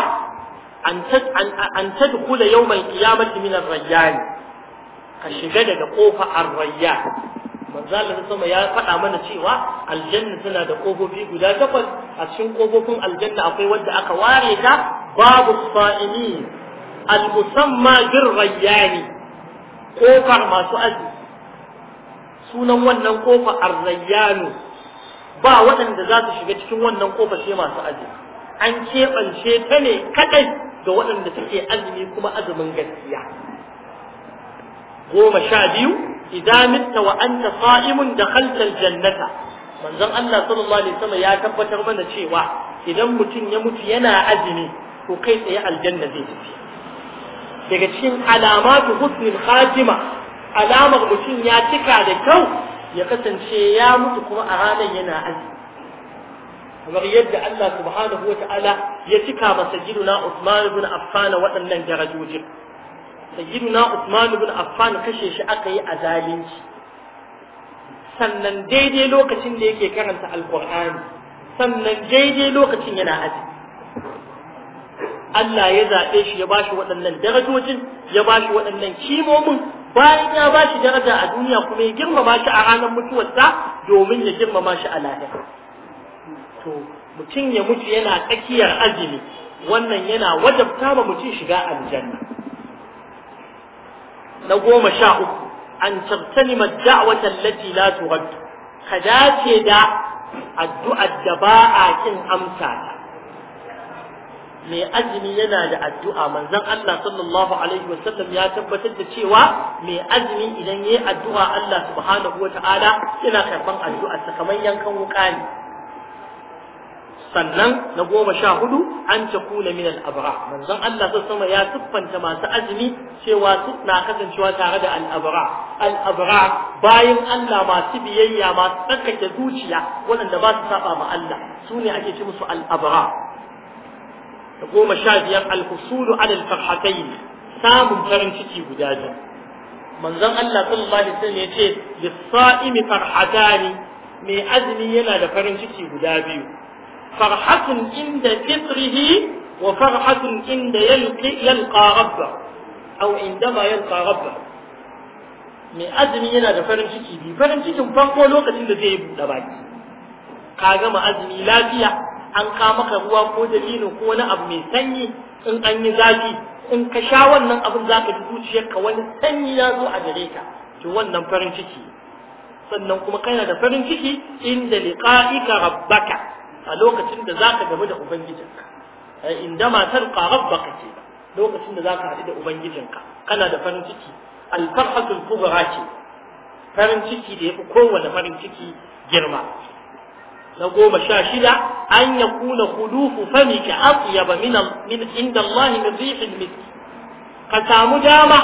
an tadkhula yawmal qiyamati min ar-rayyan ka shiga daga kofa ar-rayyan manzo Allah sama ya faɗa mana cewa aljanna tana da kofofi guda takwas a cikin kofofin aljanna akwai wanda aka ware ta babu sa'ini al-musamma bir-rayyani kofar masu aji. sunan wannan kofa ar-rayyanu ba waɗanda za su shiga cikin wannan kofa sai masu aji. an keɓance ta ne kaɗai ga waɗanda take azumi kuma azumin gaskiya goma sha biyu idan mitta wa anta sa'imun dakhalta aljannata manzon Allah sallallahu alaihi wasallam ya tabbatar mana cewa idan mutum ya mutu yana azumi to kai tsaye aljanna zai tafi daga cikin alamatu husnul khatima alamar mutum ya cika da kyau ya kasance ya mutu kuma a ranar yana azumi kamar yadda Allah subhanahu wa ta'ala ya cika ma sayyiduna Uthman ibn Affan waɗannan darajojin sayyiduna Uthman ibn Affan kashe shi aka yi a zalunci sannan daidai lokacin da yake karanta alkur'ani sannan daidai lokacin yana aji Allah ya zaɓe shi ya ba shi waɗannan darajojin ya ba shi waɗannan kimomin bayan ya ba shi daraja a duniya kuma ya girmama shi a ranar mutuwarsa domin ya girmama shi a lahira to mutum ya mutu yana tsakiyar azumi wannan yana wajabta ba mutum shiga aljanna na goma sha uku an tabtalima da'wata allati la turad ka dace da addu'ar da ba a kin amsa ta mai azumi yana da addu'a manzon Allah sallallahu alaihi wasallam ya tabbatar da cewa mai azumi idan yayi addu'a Allah subhanahu wataala yana karban addu'arsa kamar yankan wuka ne sannan na goma sha hudu an ta kuna min al'abara manzon Allah ta sama ya siffanta masu azumi cewa su na kasancewa tare da al'abara al'abara bayan Allah masu biyayya masu tsarkake zuciya waɗanda ba su saba ma Allah su ne ake ce musu al'abara da goma sha biyar al-husulu alal farhatayn samun farin ciki guda biyu manzon Allah sallallahu alaihi wasallam ce lis-sa'imi farhatani mai azumi yana da farin ciki guda biyu farhatun inda fitrihi wa farhatun inda yalqa rabba au indama yalqa rabba mai azumi yana da farin ciki bi farin cikin farko lokacin da zai buɗe baki ka gama azumi lafiya an ka maka ruwa ko dalilin ko wani abu mai sanyi in an yi zafi in ka sha wannan abin za ka ji zuciyarka wani sanyi ya zo a gare ka to wannan farin ciki sannan kuma kana da farin ciki inda liqa'ika rabbaka a lokacin da ka gamu da ubangijinka eh, indama talqa rabbaka ce lokacin da zaka haɗu da ubangijinka kana da farin ciki alfarhatul kubra ce farin ciki da yafi kowane farin ciki girma na goma sha shida an ya kuna hudufu famika atyaba min inda Allah min miski ka samu dama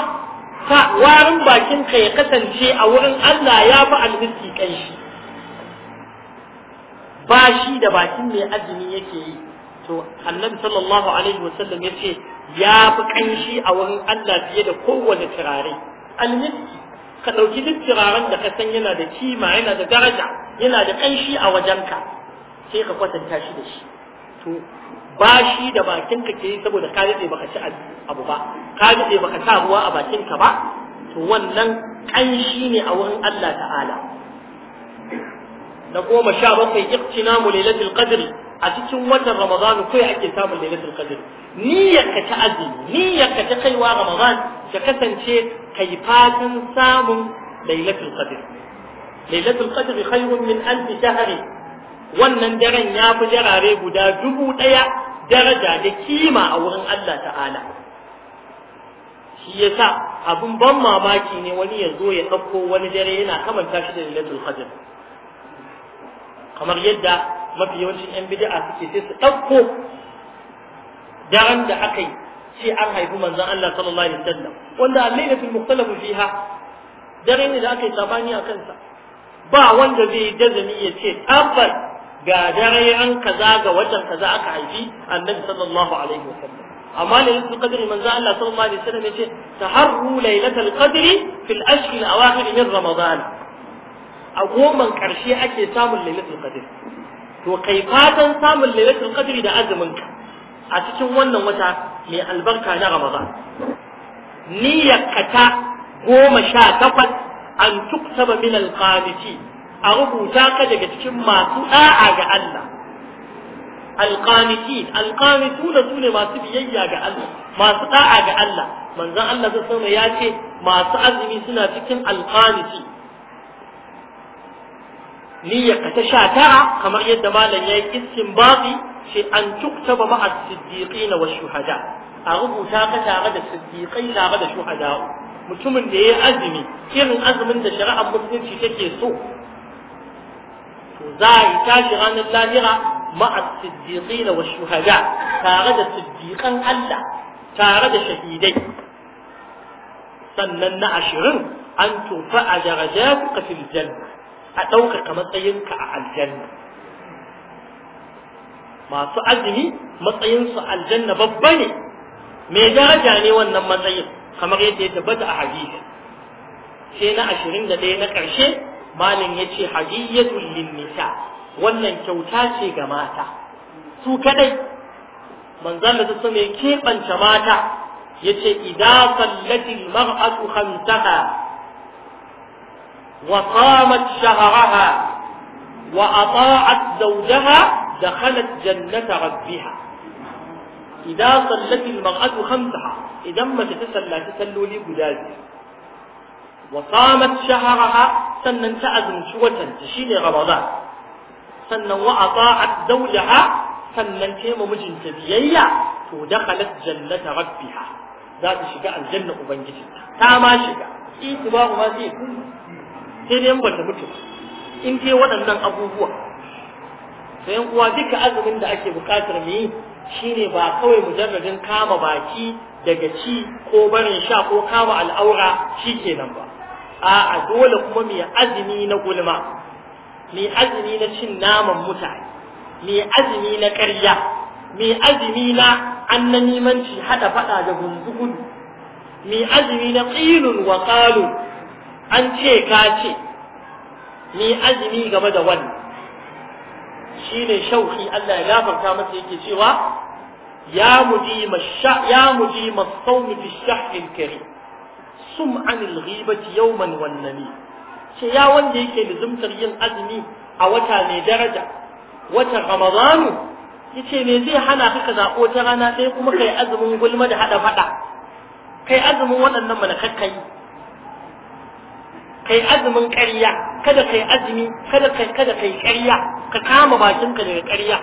ka warin bakin ka ya kasance a wurin Allah ya fi almiski kanshi bashi da bakin mai azumi yake yi to annabi sallallahu alaihi wasallam ya ce ya fi kanshi a wurin Allah fiye da kowane turare almiski ka ɗauki duk turaren da ka san yana da kima yana da daraja yana da kanshi a wajenka sai ka kwatanta shi da shi to bashi da bakinka ke yi saboda ka daɗe baka ci abu ba ka daɗe baka sa ruwa a bakinka ba to wannan kanshi ne a wurin Allah ta'ala na goma sha bakwai iqtinamu lailatul qadr a cikin watan ramadan kai ake samun lailatul qadr niyyar ka ta azumi niyyar ka ta kaiwa ramadan ta kasance kai fatan samun lailatul qadr lailatul qadr khairun min alf shahr wannan daren ya fi jarare guda dubu daya daraja da kima a wurin Allah ta'ala shi yasa abin ban mamaki ne wani ya zo ya ɗauko wani dare yana kamanta shi da lailatul qadr kamar yadda mafi yawancin yan bid'a suke sai su ɗauko daren da aka yi ce an haifi manzon Allah sallallahu alaihi wasallam wanda al-lailatul mukhtalafu fiha dare ne da aka yi sabani a kansa ba wanda zai jazami ya ce tabbas ga dare an kaza ga watan kaza aka haifi annabi sallallahu alaihi wasallam amma lailatul qadri manzo Allah sallallahu alaihi wasallam yace taharru lailatul qadri fil ashhur al-awakhir min ramadan a goman ƙarshe ake samun lailatul qadr to kai fatan samun lailatul qadr da azumin ka a cikin wannan wata mai albarka na ramadan niyyarka ta goma sha takwas an tuktaba min alqaniti a rubuta ka daga cikin masu da'a ga Allah alqanitin alqanituna sune masu biyayya ga Allah masu da'a ga Allah manzon Allah sallallahu ya ce masu azumi suna cikin alqaniti niyyarka ka ta sha tara kamar yadda malam ya yi istinbati sai an tuktaba ma'a na wa shuhada a rubuta ka tare da siddiqai tare da shuhada mutumin da ya yi azumi irin azumin da shari'ar musulunci take so to za a yi tashi ranar lahira ma'a na wa shuhada tare da siddiqan Allah tare da shahidai sannan na ashirin an tufi a darajatuka fil janna a ɗaukaka matsayinka a aljanna masu azumi matsayinsu aljanna babba ne mai daraja ne wannan matsayin kamar yadda ya tabbata a hadisi sai na ashirin da ɗaya na ƙarshe malin ya ce hadiyatul linnisa wannan kyauta ce ga mata su kadai manzan da su mai keɓance mata yace ce idan sallatil mar'atu khamsaha وصامت شهرها وأطاعت زوجها دخلت جنة ربها إذا صلت المرأة خمسها إذا ما تتسلى تسلوا لي بلادي وصامت شهرها سنن تأذن شوة تشين رمضان سنن وأطاعت زوجها سنن كيما مجن تبيية ودخلت جنة ربها ذات شقاء الجنة أبنجتها تاما شقاء إيه تبار ما فيه كله sai dai bata mutu in dai waɗannan abubuwa to yan uwa duka azumin da ake buƙatar mu yi shine ba kawai mujarradin kama baki daga ci ko barin sha ko kama al'aura shikenan ba a'a dole kuma mu azumi na gulma mu azumi na cin naman mutane mu azumi na ƙarya mu azumi na annanimanci hada fada da gundugudu mu azumi na qilun wa qalun an ce ka ce ni azumi game da wannan shine shauki Allah ya gafarta masa yake cewa ya muji sha ya mujima sawm fi shahr al-karim sum'an al-ghibati yawman wan ce ya wanda yake lizumtar yin azumi a wata mai daraja wata ramadanu yace me zai hana ka zaɓo ta rana ɗaya kuma kai azumin gulma da hada fada kai azumin waɗannan mana kakkai kai azumin ƙarya kada kai azumi kada kai kada kai ƙarya ka kama bakinka daga ƙarya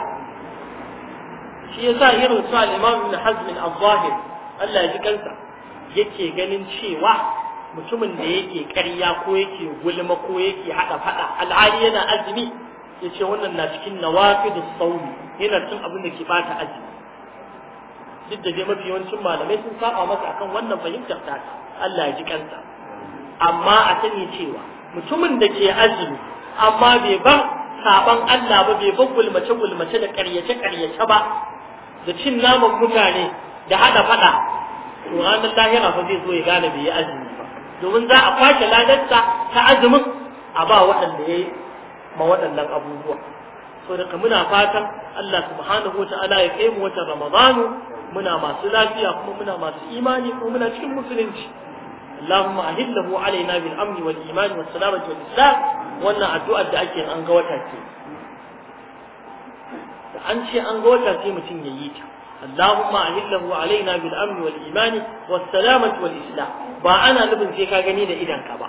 shi yasa irin su al-Imam Ibn Hazm al-Zahir Allah ya ji kansa yake ganin cewa mutumin da yake ƙarya ko yake gulma ko yake hada fada al'ali yana azumi yace wannan na cikin nawafidus sawmi yana cin abin da ke bata azumi duk da dai mafi yawancin malamai sun saba masa akan wannan fahimtar ta Allah ya ji kansa amma a sani cewa mutumin da ke azumi amma bai bar saban Allah ba bai bar gulmace gulmace da karyace karyace ba da cin naman mutane da hada fada to ranar lahira fa zai zo ya gane bai yi azumi ba domin za a kwace ladarsa ta azumin a ba waɗanda ya yi ma waɗannan abubuwa so daga muna fatan Allah subhanahu wa ta'ala ya kai mu wata ramadanu muna masu lafiya kuma muna masu imani kuma muna cikin musulunci اللهم أهله علينا بالأمن والإيمان والسلامة والإسلام وانا أدعو أدعك أن قوتك أنت أن قوتك متن ييتك اللهم أهله علينا بالأمن والإيمان والسلامة والإسلام بانا لبن فيك غني da idanka ba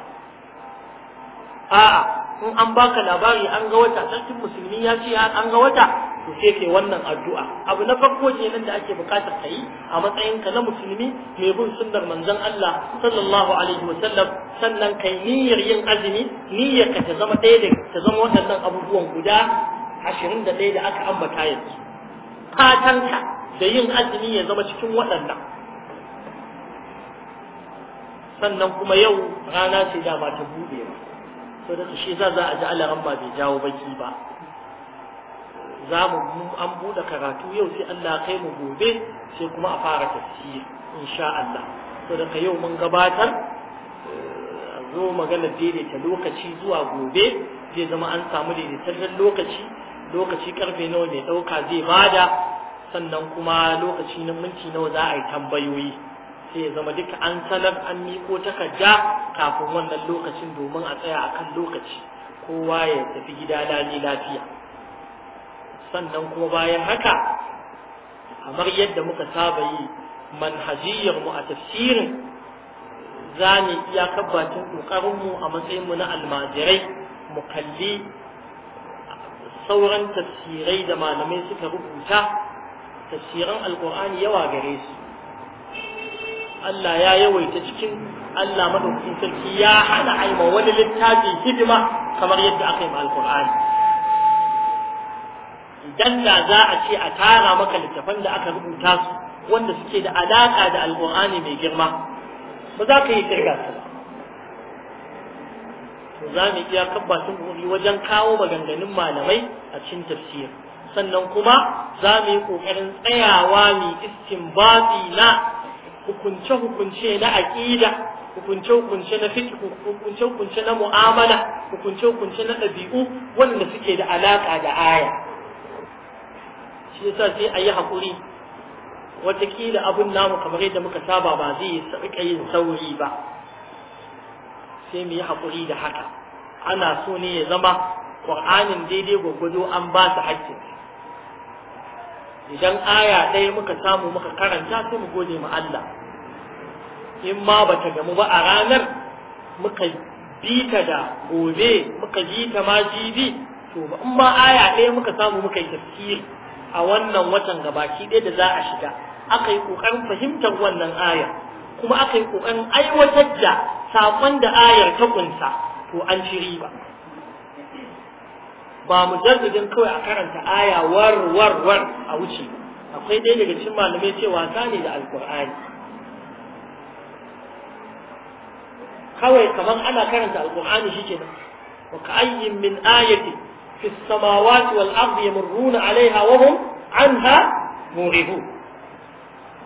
a'a in an baka labari an ga wata sarkin musulmi ya ce an ga wata ku sai wannan addu'a abu na farko kenan da ake bukatar kai a matsayin ka na musulmi mai bin sunnar manzon Allah sallallahu alaihi wa sallam sannan kai niyyar yin azumi niyyar ka ta zama da ta zama waɗannan abubuwan guda 21 da aka ambata yanzu ka da yin azumi ya zama cikin waɗannan sannan kuma yau rana ce da ba ta buɗe ba so da shi za a ji alaran ba bai jawo baki ba za mu an buɗe karatu yau sai Allah kai mu gobe sai kuma a fara tafsiri insha Allah to daga yau mun gabatar eh, a zo magana daidaita lokaci zuwa gobe zai zama an samu daidaitaccen lokaci lokaci karfe nawa mai ɗauka zai bada sannan kuma lokaci na minti nawa za a yi tambayoyi sai ya zama duka an sanar an miko takarda kafin wannan lokacin domin a tsaya akan lokaci kowa ya tafi gida lani lafiya sannan kuma bayan haka kamar yadda muka saba yi manhajiyar mu a tafsirin za mu iya kabbatin kokarin mu a matsayin mu na almajirai mu kalli sauran tafsirai da malamai suka rubuta tafsiran alkur'ani yawa gare su Allah ya yawaita cikin Allah madaukakin sarki ya hana aima wani littafi hidima kamar yadda aka yi ma alkur'ani idan za a ce a tara maka littafan da aka rubuta su wanda suke da alaka da alqur'ani mai girma ba za ka yi kirga su to za mu iya kabbatin gumi wajen kawo maganganun malamai a cikin tafsir sannan kuma za mu yi kokarin tsayawa mu istinbati na hukunce-hukunce na aƙida hukunce-hukunce na fiqh hukunce-hukunce na mu'amala hukunce-hukunce na ɗabi'u wanda suke da alaƙa da aya shi yasa sai a yi haƙuri watakila abun namu kamar yadda muka saba ba zai rika yin sauri ba sai mu yi haƙuri da haka ana so ne ya zama ƙur'anin daidai gwaggwado an ba su haƙƙin idan aya ɗaya muka samu muka karanta sai mu gode ma Allah in ma ba ta gamu ba a ranar muka bi ta da gobe muka ji ta ma jibi to ba in ma aya ɗaya muka samu muka yi tafsiri a wannan watan gabaki ɗaya da za a shiga aka yi ƙoƙarin fahimtar wannan ayar kuma aka yi ƙoƙarin aiwatar da saƙon da ayar ta ƙunsa to an ci riba ba mu jarrudin kawai a karanta aya war war war a wuce akwai ɗaya daga cikin malamai cewa sani ne da alƙur'ani kawai kamar ana karanta alƙur'ani shi ke nan wa min ayatin في السماوات والأرض يمرون عليها وهم عنها مورهون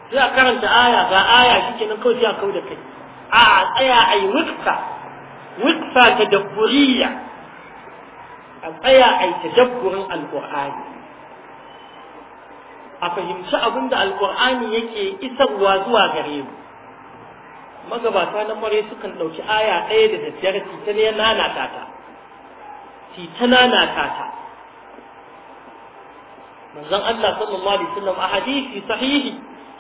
sai a karanta aya ga aya shi ke nan kawai sai a kau da kai a tsaya a yi wikfa wikfa ta dabburiya a tsaya a yi tadabburin alƙur'ani a fahimci abin da alƙur'ani yake isarwa zuwa gare mu magabata na mare sukan ɗauki aya ɗaya da daddare su ya ne nana ta su ta lalata ta manzon Allah sallallahu alaihi wasallam a hadisi sahihi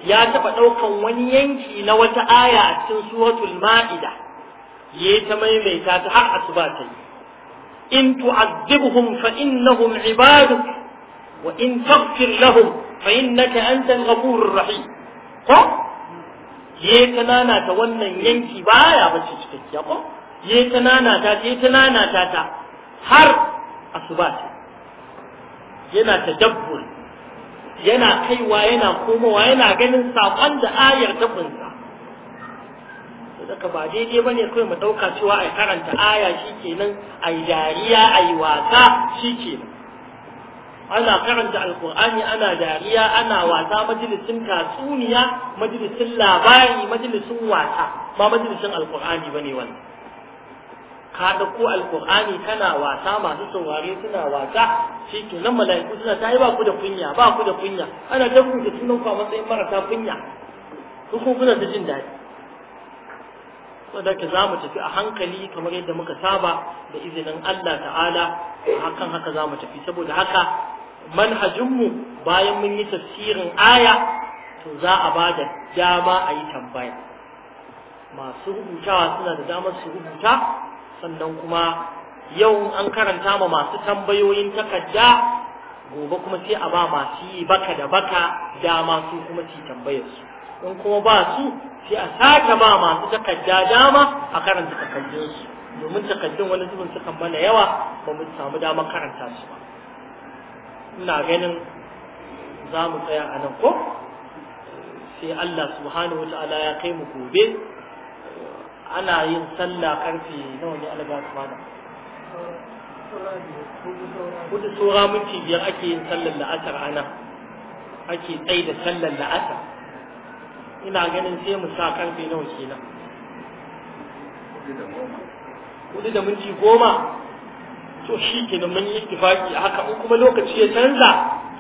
ya taba daukan wani yanki na wata aya a cikin suratul ma'ida ya ta maimaita ta har asuba ta yi in tu'azzibhum fa innahum ibaduk wa in taghfir lahum fa innaka antal ghafurur rahim ko ya ta nanata wannan yanki baya bace cikakkiya ko ya ta nanata ta ta nanata ta har asuba ce yana tadabbur yana kaiwa yana komowa yana ganin saƙon da ayar ta kunsa daga ba daidai bane kai mu ɗauka cewa ai karanta aya shikenan ai dariya ai wasa shikenan ana karanta alkur'ani ana dariya ana wasa majalisin tatsuniya majalisin labari majalisin wasa ba majalisin alkur'ani bane wannan ka ɗauko alkur'ani kana wasa masu saurare suna wasa shi ke nan mala'iku suna ta yi ba ku da kunya ba ku da kunya ana ta da sunan ku a matsayin marasa kunya ku kuma kuna ta jin daɗi saboda za mu tafi a hankali kamar yadda muka saba da izinin Allah ta'ala hakan haka za mu tafi saboda haka manhajinmu bayan mun yi tafsirin aya to za a ba da dama a yi tambaya masu rubutawa suna da damar su rubuta sannan kuma yau an karanta ma masu tambayoyin takadda gobe kuma sai a ba masu yi baka da baka dama su kuma su tambayar su in kuma ba su sai a sake ba masu takadda dama a karanta takaddun su domin takaddun wani zubin sukan mana yawa ba mu samu dama karanta su ba ina ganin za mu tsaya a nan ko sai Allah subhanahu wa ta'ala ya kai mu gobe ana yin sallah karfe nawa ne alaga mana kudu tsora minti biyar ake yin sallar la'asar ana ake tsaye da sallar la'asar ina ganin sai mu sa karfe nawa kenan kudu da minti goma to shi kenan mun yi tufaki haka in kuma lokaci ya canza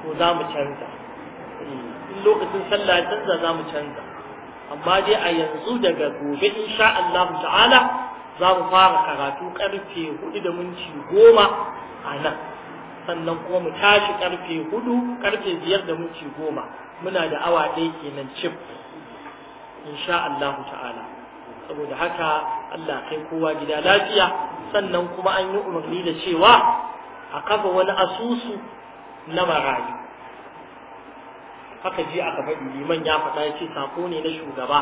to za mu canza eh, in lokacin sallah ya canza za mu canza amma dai a yanzu daga gobe insha Allah ta'ala za mu fara karatu karfe hudu da minti goma a nan sannan kuma mu tashi karfe hudu karfe biyar da minti goma muna da awa ɗaya kenan cif insha Allah ta'ala saboda haka Allah kai kowa gida lafiya sannan kuma an yi umarni da cewa a kafa wani asusu na marayu haka ji aka faɗi liman ya faɗa ya ce sako ne na shugaba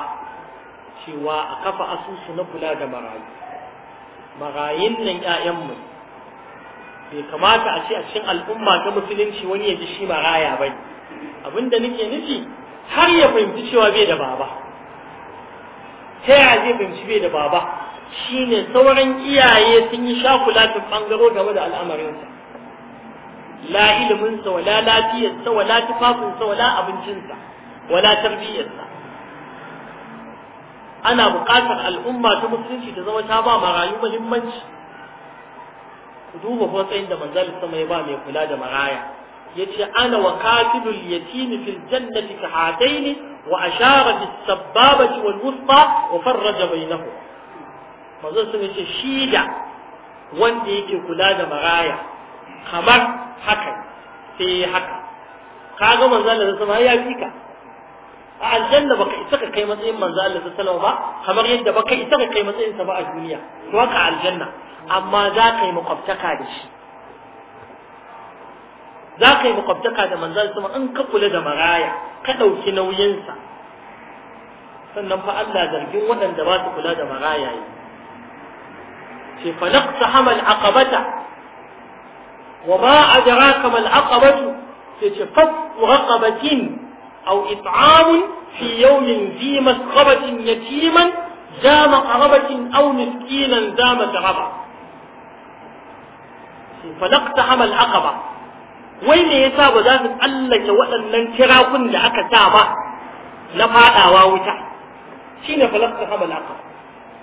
cewa a kafa asusu na kula da marayu marayun nan ƴaƴanmu bai kamata a ce a cikin al'umma ta musulunci wani ya ji shi maraya ba ne abinda nake nufi har ya fahimci cewa bai da baba ta yaya zai fahimci bai da baba shine sauran iyaye sun yi shakula ta ɓangaro game da al'amarinsa la iliminsa wala lafiyarsa wala tufafinsa wala abincinsa wala tarbiyyarsa ana buƙatar al'umma ta musulunci ta zama ta ba marayu muhimmanci ku duba hotsayin da manzali sama ya ba mai kula da maraya ya ce ana wa kafilul yatimi fil jannati ka hataini wa ashara bis sabbabati wal wusta wa farraja bainahu manzon sun ce shi da wanda yake kula da maraya kamar haka sai eh, haka kaga manzo Allah sallallahu alaihi wasallam ya fika a aljanna baka isa ka kai matsayin manzo Allah sallallahu alaihi wasallam ba kamar yadda baka isa ka kai matsayin sa ba a duniya to haka aljanna amma za ka yi makwabtaka da shi za ka yi makwabtaka da manzo Allah sallallahu alaihi wasallam in ka kula da maraya ka dauki nauyinsa sannan fa Allah zargin waɗanda ba su kula da maraya yi ce falaqta hamal aqabata وما أدراك ما العقبة تتفق رقبة أو إطعام في يوم ذي مسقبة يتيما ذا مقربة أو مسكينا ذا مسربة فنقطع ما العقبة وين يتاب ذات الله وأن من تراكن لأك تابا نفاء وشين فلقت العقبة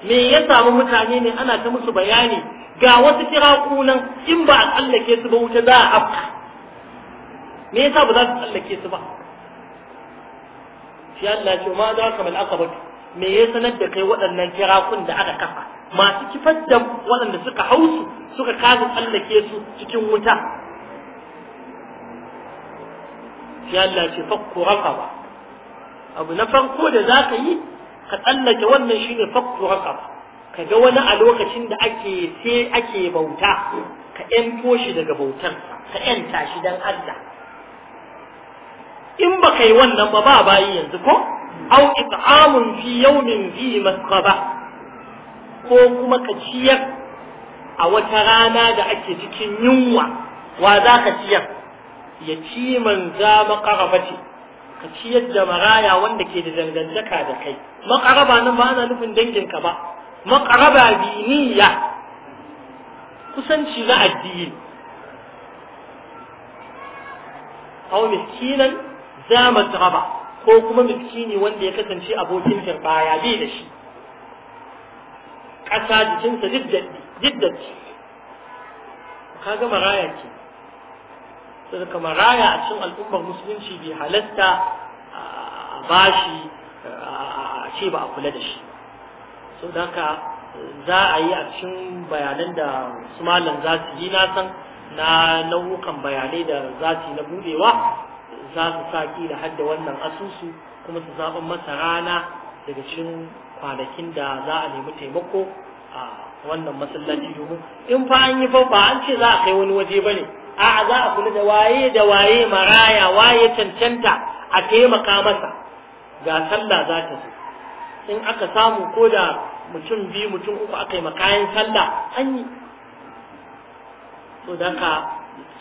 me ya samu mutane ne ana ta musu bayani ga wasu kira kunan in ba a tsallake su ba wuta za a afka me yasa ba za su tsallake su ba shi Allah ce ma za ka mal akabatu me ya sanar da kai waɗannan kirakun da aka kafa masu kifar da waɗanda suka hausu suka kasa tsallake su cikin wuta shi Allah ce fakku ba abu na farko da za ka yi ka tsallake wannan ne fakku raqab ka ga wani a lokacin da ake sai ake bauta ka yanto shi daga bautar ka yanta shi dan Allah in ba kai wannan ba ba bayi yanzu ko au it'amun fi yawmin fi masqaba ko kuma ka ciyar a wata rana da ake cikin yunwa wa za ka ciyar ya ci man za maƙarafa ce ka ciyar da maraya wanda ke da dangantaka da kai Maƙaraba nan ba ana nufin danginka ba Maƙaraba biniya kusanci na addini aw miskinan za matraba ko kuma miskini wanda ya kasance abokin jirbaya bai da shi ƙasa jikinsa jiddatti kaga maraya ke sai kama raya a cikin al'ummar musulunci bai halatta a bashi a ce ba a kula da shi so da haka za a yi a cikin bayanan da su malam za su yi na san na nau'ukan bayanai da za su na budewa za su sa ki da hadda wannan asusu kuma su zaban masa rana daga cikin kwanakin da za a nemi taimako a wannan masallaci domin in fa an yi fa ba an ce za a kai wani waje ba ne a za a kula da waye da waye maraya waye cancanta a taimaka masa ga sallah za ta zo in aka samu ko da mutum biyu mutum uku aka yi makayan sallah an yi so da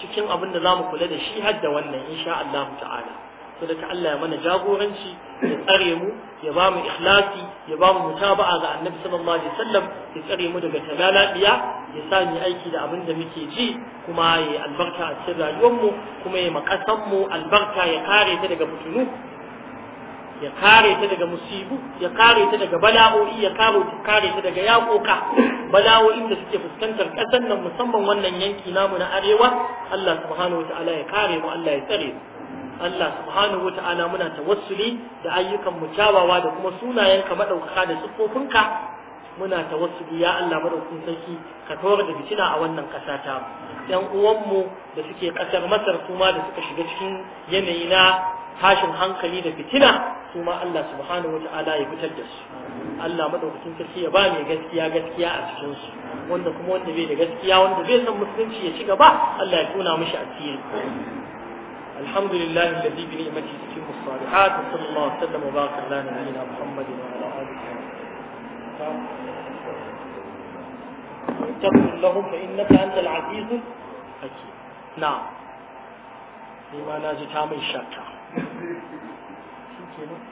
cikin abin da za mu kula da shi har wannan insha Allah ta'ala saboda Allah ya mana jagoranci ya tsare mu ya ba mu ikhlasi ya ba mu mutaba'a ga Annabi sallallahu alaihi wasallam ya tsare mu daga tagaladiya ya sa mu aiki da abin da muke ji kuma ya albarka a cikin rayuwar mu kuma ya makasan mu albarka ya kare ta daga fitinu ya kare ta daga musibu ya kare ta daga bala'o'i ya kare ta kare ta daga yakoka bala'o'in da suke fuskantar kasar nan musamman wannan yanki namu na arewa Allah subhanahu wa ta'ala ya kare mu Allah ya tsare mu Allah subhanahu wata'ala muna tawassuli da ayyukan mu kyawawa da kuma sunayenka madaukaka da siffofinka muna tawassuli ya Allah madaukakin sarki ka tawar da bitina a wannan kasa ta yan uwanmu da suke kasar Masar kuma da suka shiga cikin yanayi na tashin hankali da fitina kuma Allah subhanahu wata'ala ya fitar da su Allah madaukakin sarki ya ba mai gaskiya gaskiya a cikin su wanda kuma wanda bai da gaskiya wanda bai san musulunci ya ci gaba Allah ya tuna mishi asiri الحمد لله الذي بنعمته تتم الصالحات وصلى الله وسلم وبارك على نبينا محمد وعلى اله وصحبه تغفر لهم فانك انت العزيز الحكيم نعم لما ناجي تامن شكا